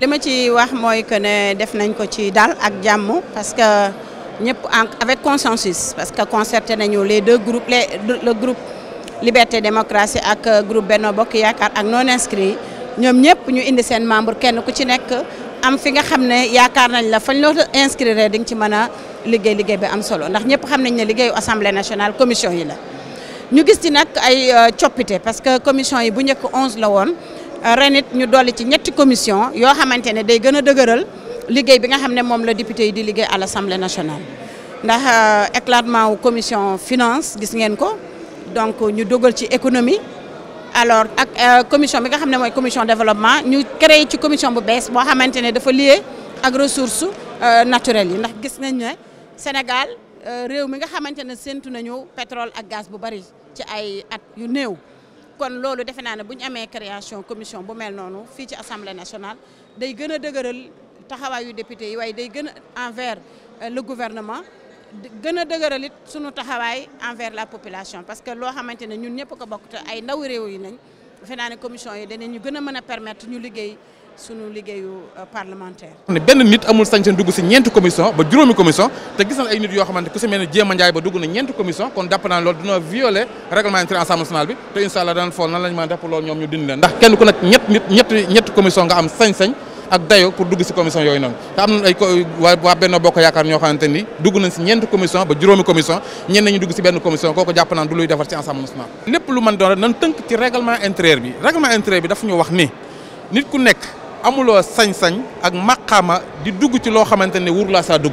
li ma ci wax mooy que ne def nañ ko ci dal ak jàmm parce que ñëpp avec consensus parce que concerté nañu les deux groupes les le groupe Liberté Démocratie ak groupe Benno Bokk Yaakaar ak non inscrits ñoom ñëpp ñu indi seen membre kenn ku ci nekk am fi nga xam ne yaakaar nañ la fañ loo inscrire di nga ci mën a liggéey bi am solo ndax ñëpp xam nañ ne liggéeyu assemblée nationale commission yi la ñu gis ci nag ay euh, coppite parce que commission yi bu njëkk 11 la woon ren it ñu doli ci ñetti commission yo xamantene day gëna a liggéey bi nga xamné mom la député yi di liggéey à l'Assemblée nationale ndax euh, éclatement wu commission finance gis ngeen ko donc ñu dogal ci économie alors ak euh, commission bi nga xamné moy commission développement ñu créé ci commission bu bees bo xamantene dafa lié ak ressources euh, naturelles yi ndax gis ngeen ne Sénégal réew mi nga xamantene sentu nañu pétrole ak gaz bu bari ci ay at yu néew kon loolu defe naa ne bu création commission bu mel noonu fii ci assemblée nationale day gën a taxawayu député yi way day gëna envers euh, le gouvernement gëna a dëgëral it sunu taxawaay envers la population parce que lo xamante ñun ñëpp ko bokk te ay ndaw réew yi nañu defe commission yi danañu ñu gëna mëna permettre ñu liggéey. sunu liggéeyu euh, parlementaire. benn nit amul sañ dugg si ñeenti commission ba juróomi commission te gis nañ ay nit yoo xamante ku si mel ne Jéema Njaay ba dugg na a def loolu ñoom ñu dindi leen ndax kenn ku nekk ñett nit ñetti ñetti commission nga am sañ-sañ ak benn commission kooku jàpp naa du luy defar ci Assemblée nationale lépp lu mën doon rek nan tënk ci règlement intérieur bi règlement intérieur bi daf ñu wax ni nit ku nekk amuloo sañ-sañ ak maqaama di dugg ci loo xamante ne wurulaa saa dugg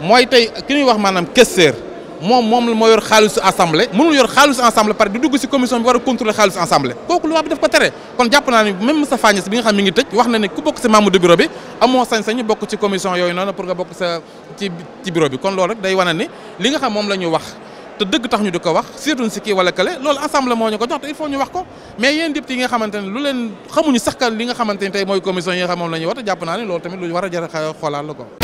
mooy tey ki ñuy wax maanaam questeur moom moom moo yor xaalisu assemblée mënul yor xaalisu assemblée pare di dugg si commission bi war a contrôler xaalisu assemblée kooku loi bi daf ko tere kon jàpp naa ne même Moustapha Niasse bi nga xam mi ngi tëj wax na ne ku bokk si membre de bureau bi amoo sañ-sañu bokk ci commission yooyu noonu pour nga bokk sa ci biro bi kon loolu rek day wane ne li nga xam moom la ñu wax te dëgg tax ñu di ko wax surtout si kii wala kële loolu assemblée moo ñu ko jox te il faut ñu wax ko mais yéen député yi nga xamante lu leen xamuñu sax kan li nga xamante ni mooy commission yi nga xam moom jàpp naa ne loolu tamit lu war a jar a xoolaat ko